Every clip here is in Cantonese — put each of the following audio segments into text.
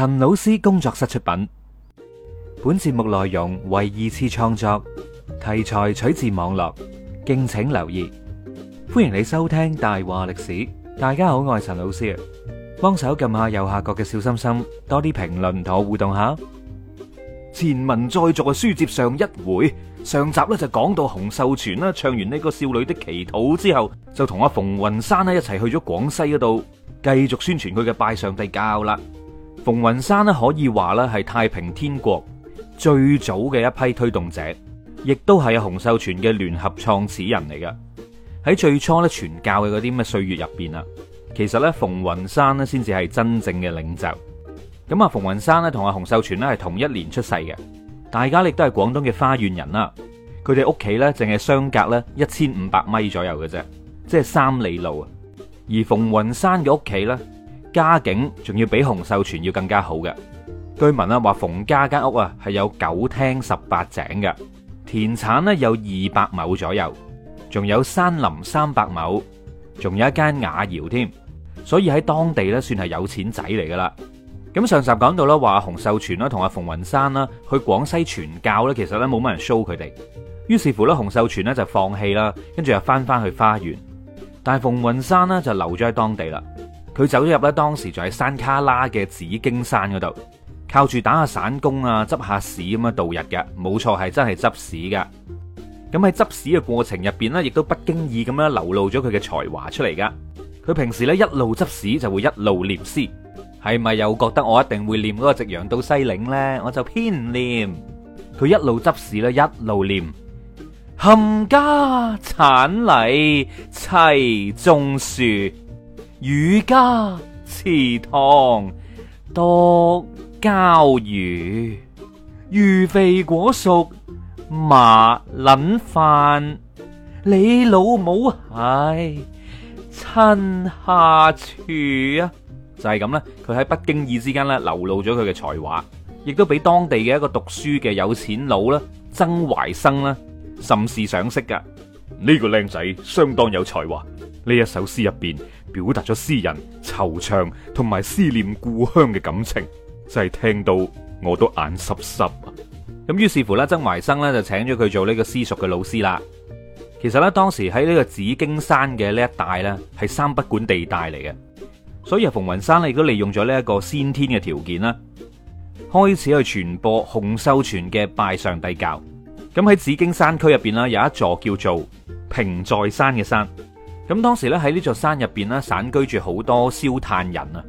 陳老師工作室出品，本節目內容為二次創作，題材取自網絡，敬請留意。歡迎你收聽《大話歷史》，大家好，我係陳老師啊，幫手撳下右下角嘅小心心，多啲評論同我互動下。前文再續嘅書接上一回，上集咧就講到洪秀全啦，唱完呢個少女的祈禱之後，就同阿馮雲山咧一齊去咗廣西嗰度，繼續宣傳佢嘅拜上帝教啦。馮雲山咧可以話咧係太平天國最早嘅一批推動者，亦都係洪秀全嘅聯合創始人嚟噶。喺最初咧傳教嘅嗰啲咩歲月入邊啊，其實咧馮雲山咧先至係真正嘅領袖。咁啊，馮雲山咧同阿洪秀全咧係同一年出世嘅，大家亦都係廣東嘅花縣人啦。佢哋屋企咧淨係相隔咧一千五百米左右嘅啫，即係三里路。啊。而馮雲山嘅屋企咧。家境仲要比洪秀全要更加好嘅。據聞啊話馮家間屋啊係有九廳十八井嘅，田產呢有二百畝左右，仲有山林三百畝，仲有一間瓦窑添，所以喺當地咧算係有錢仔嚟噶啦。咁上集講到啦，話洪秀全啦同阿馮雲山啦去廣西傳教咧，其實咧冇乜人 show 佢哋，於是乎咧洪秀全咧就放棄啦，跟住又翻翻去花園，但係馮雲山呢就留咗喺當地啦。佢走咗入咧，當時就喺山卡拉嘅紫荊山嗰度，靠住打下散工啊，執下屎咁樣度日嘅。冇錯，係真係執屎噶。咁喺執屎嘅過程入邊呢，亦都不經意咁樣流露咗佢嘅才華出嚟噶。佢平時呢，一路執屎就會一路念詩，係咪又覺得我一定會念嗰個《夕陽到西嶺》呢？我就偏念。佢一路執屎咧，一路念。冚家產禮砌種樹。漁家池塘多膠魚，魚肥果熟麻捻飯。你老母係親下廚啊！就係咁啦，佢喺不經意之間咧流露咗佢嘅才華，亦都俾當地嘅一個讀書嘅有錢佬啦，曾懷生啦，甚是賞識噶。呢個靚仔相當有才華，呢一首詩入邊，表達咗詩人惆悵同埋思念故鄉嘅感情，真係聽到我都眼濕濕啊！咁於是乎咧，曾懷生咧就請咗佢做呢個私塾嘅老師啦。其實咧，當時喺呢個紫荊山嘅呢一帶咧，係三不管地帶嚟嘅，所以啊，馮雲山咧亦都利用咗呢一個先天嘅條件啦，開始去傳播洪秀全嘅拜上帝教。咁喺紫荊山區入邊啦，有一座叫做平在山嘅山。咁當時咧喺呢座山入邊咧，散居住好多燒炭人啊！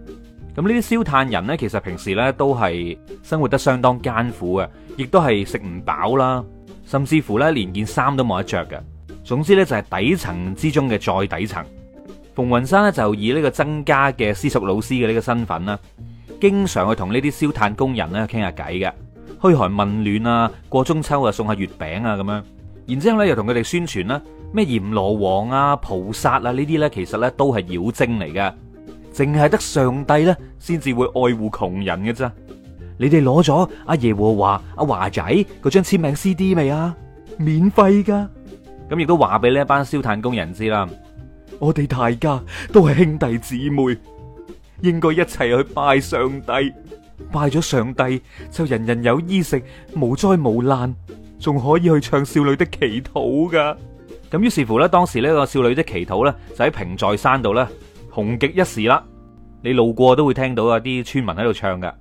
咁呢啲燒炭人呢，其實平時呢都係生活得相當艱苦嘅，亦都係食唔飽啦，甚至乎呢連件衫都冇得着嘅。總之呢，就係底層之中嘅再底層。馮雲山呢，就以呢個增加嘅私塾老師嘅呢個身份啦，經常去同呢啲燒炭工人呢傾下偈嘅，噓寒問暖啊，過中秋啊送下月餅啊咁樣，然之後呢，又同佢哋宣傳啦。咩閻羅王啊、菩薩啊呢啲咧，其實咧都係妖精嚟噶，淨係得上帝咧先至會愛護窮人嘅啫。你哋攞咗阿耶和華、阿華仔嗰張簽名 CD 未啊？免費噶，咁亦、嗯、都話俾呢一班燒炭工人知啦。我哋大家都係兄弟姊妹，應該一齊去拜上帝。拜咗上帝，就人人有衣食，無災無難，仲可以去唱少女的祈禱噶。咁於是乎咧，當時呢個少女的祈禱咧，就喺平在山度咧紅極一時啦。你路過都會聽到有啲村民喺度唱嘅。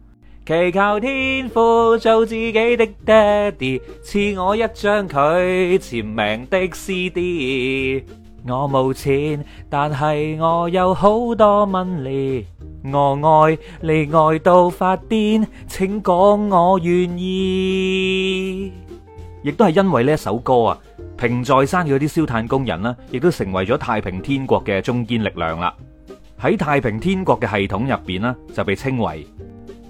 祈求天父做自己的爹哋，賜我一張佢簽名的 CD。我冇錢，但係我有好多蚊厘。我愛你愛到發癲，請講我願意。亦都係因為呢一首歌啊。平在山嘅啲燒炭工人呢，亦都成為咗太平天國嘅中堅力量啦。喺太平天國嘅系統入邊呢，就被稱為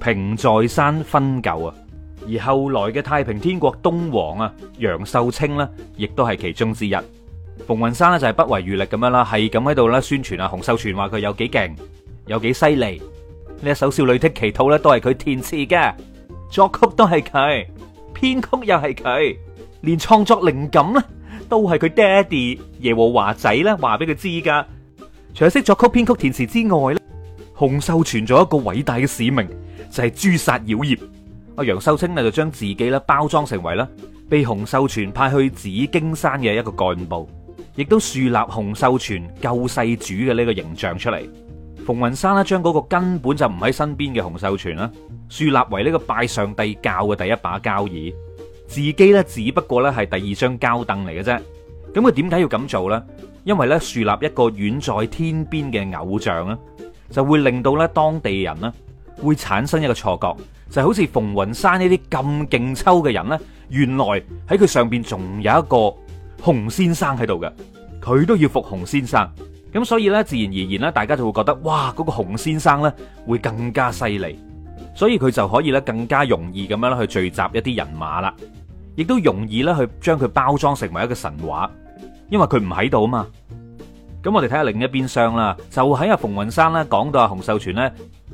平在山分舊啊。而後來嘅太平天國東王啊楊秀清呢，亦都係其中之一。馮雲山呢，就係不遺餘力咁樣啦，係咁喺度啦宣傳啊。洪秀全話佢有幾勁，有幾犀利。呢一首《少女的祈禱》咧，都係佢填詞嘅，作曲都係佢，編曲又係佢，連創作靈感咧，都係佢爹哋耶和華仔咧，話俾佢知噶。除咗識作曲、編曲、填詞之外咧，洪秀全做一個偉大嘅使命，就係誅殺妖孽。阿楊秀清咧就將自己咧包裝成為啦，被洪秀全派去紫荊山嘅一個幹部，亦都樹立洪秀全救世主嘅呢個形象出嚟。馮雲山咧將嗰個根本就唔喺身邊嘅洪秀全啦，樹立為呢個拜上帝教嘅第一把交椅。自己呢，只不過呢係第二張膠凳嚟嘅啫。咁佢點解要咁做呢？因為呢，樹立一個遠在天邊嘅偶像呢就會令到呢當地人呢會產生一個錯覺，就是、好似馮雲山呢啲咁勁抽嘅人呢，原來喺佢上邊仲有一個洪先生喺度嘅，佢都要服洪先生。咁所以呢，自然而然呢，大家就會覺得哇，嗰、嗰個洪先生呢會更加犀利，所以佢就可以呢更加容易咁樣去聚集一啲人馬啦。亦都容易啦，去將佢包裝成為一個神話，因為佢唔喺度啊嘛。咁我哋睇下另一邊廂啦，就喺阿馮雲山啦，講到阿洪秀全咧，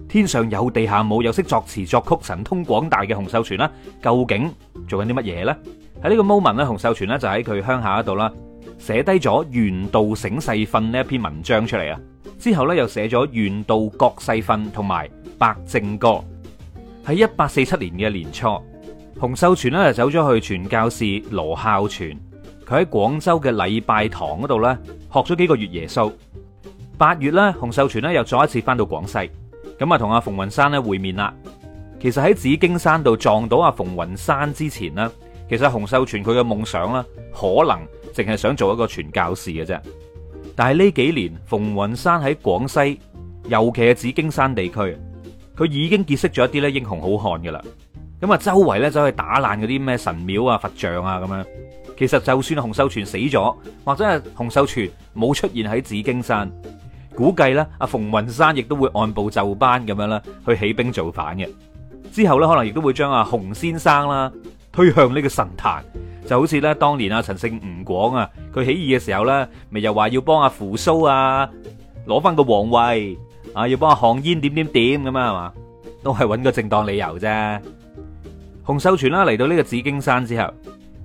天上有地下冇，又識作詞作曲，神通廣大嘅洪秀全啦，究竟做緊啲乜嘢呢？喺呢個 moment 咧，洪秀全咧就喺佢鄉下度啦，寫低咗《原道醒世訓》呢一篇文章出嚟啊，之後咧又寫咗《原道覺世訓》同埋《百正歌》，喺一八四七年嘅年初。洪秀全咧就走咗去傳教士羅孝全，佢喺廣州嘅禮拜堂嗰度咧學咗幾個月耶穌。八月咧，洪秀全咧又再一次翻到廣西，咁啊同阿馮雲山咧會面啦。其實喺紫荊山度撞到阿馮雲山之前咧，其實洪秀全佢嘅夢想咧可能淨係想做一個傳教士嘅啫。但係呢幾年，馮雲山喺廣西，尤其係紫荊山地區，佢已經結識咗一啲咧英雄好漢嘅啦。咁啊，周圍咧走去打爛嗰啲咩神廟啊、佛像啊咁樣。其實就算洪秀全死咗，或者係洪秀全冇出現喺紫荊山，估計咧阿馮雲山亦都會按部就班咁樣啦，去起兵造反嘅。之後咧可能亦都會將阿洪先生啦、啊、推向呢個神壇，就好似咧當年阿陳勝吳廣啊，佢起義嘅時候咧，咪又話要幫阿、啊、扶蘇啊攞翻個皇位啊，要幫阿項燕點點點咁啊，係嘛，都係揾個正當理由啫。洪秀全啦，嚟到呢個紫荊山之後，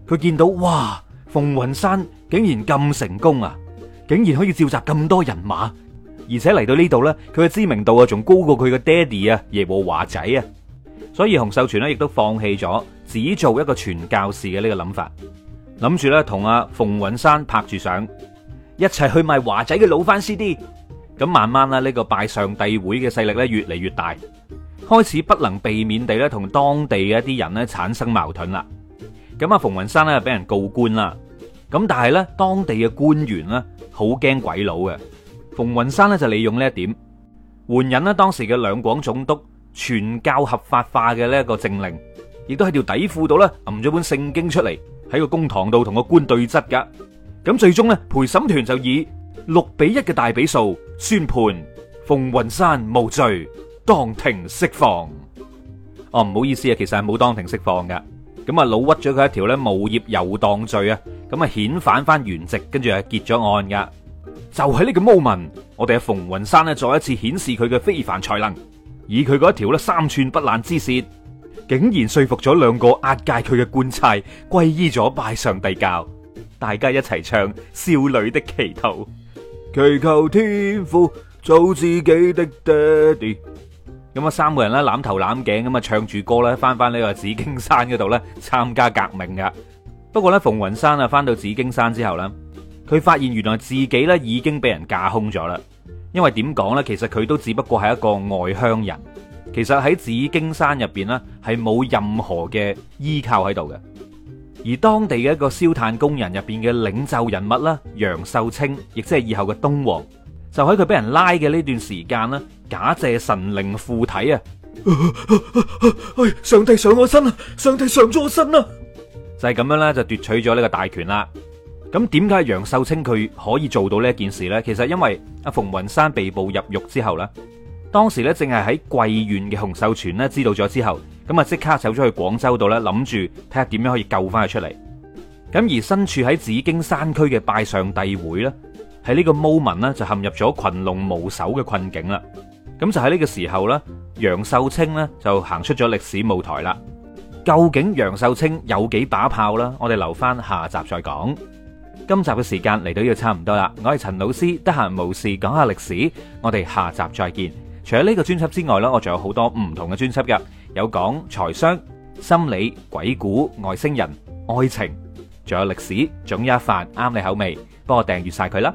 佢見到哇，馮雲山竟然咁成功啊！竟然可以召集咁多人馬，而且嚟到呢度咧，佢嘅知名度啊仲高過佢嘅爹哋啊，耶和華仔啊！所以洪秀全咧亦都放棄咗只做一個傳教士嘅呢個諗法，諗住咧同阿馮雲山拍住上，一齊去賣華仔嘅老番 CD。咁慢慢啦，呢個拜上帝會嘅勢力咧越嚟越大。開始不能避免地咧，同當地嘅一啲人咧產生矛盾啦。咁啊，馮雲山咧就俾人告官啦。咁但係咧，當地嘅官員咧好驚鬼佬嘅。馮雲山咧就利用呢一點，援引咧當時嘅兩廣總督傳教合法化嘅呢一個政令，亦都喺條底褲度咧揞咗本聖經出嚟，喺個公堂度同個官對質噶。咁最終咧陪審團就以六比一嘅大比數宣判馮雲山無罪。當庭釋放哦，唔好意思啊，其實係冇當庭釋放嘅。咁、嗯、啊，老屈咗佢一條咧無業遊蕩罪啊，咁、嗯、啊，遣返翻原籍，跟住係結咗案噶。就喺、是、呢個 moment 我哋嘅馮雲山呢，再一次顯示佢嘅非凡才能，以佢嗰一條咧三寸不爛之舌，竟然說服咗兩個押解佢嘅官差歸依咗拜上帝教。大家一齊唱少女的祈禱，祈求天父做自己的爹哋。咁啊，三個人咧攬頭攬頸咁啊，唱住歌咧，翻翻呢個紫荊山嗰度咧參加革命嘅。不過咧，馮雲山啊，翻到紫荊山之後咧，佢發現原來自己咧已經俾人架空咗啦。因為點講呢，其實佢都只不過係一個外鄉人，其實喺紫荊山入邊呢，係冇任何嘅依靠喺度嘅。而當地嘅一個燒炭工人入邊嘅領袖人物啦，楊秀清，亦即係以後嘅東王。就喺佢俾人拉嘅呢段時間啦，假借神靈附體啊，啊，啊！上帝上我身啦，上帝上咗身啦，就係咁樣啦，就奪取咗呢個大權啦。咁點解楊秀清佢可以做到呢一件事呢？其實因為阿馮雲山被捕入獄之後咧，當時咧正係喺桂苑嘅洪秀全咧知道咗之後，咁啊即刻走咗去廣州度咧，諗住睇下點樣可以救翻佢出嚟。咁而身處喺紫荊山區嘅拜上帝會咧，喺呢個 moment 呢就陷入咗群龍無首嘅困境啦，咁就喺呢個時候呢楊秀清呢就行出咗歷史舞台啦。究竟楊秀清有幾把炮啦？我哋留翻下，下集再講。今集嘅時間嚟到呢個差唔多啦，我係陳老師，得閒無事講下歷史，我哋下集再見。除咗呢個專輯之外呢，我仲有好多唔同嘅專輯嘅，有講財商、心理、鬼故、外星人、愛情，仲有歷史，總有一份啱你口味，幫我訂閱晒佢啦。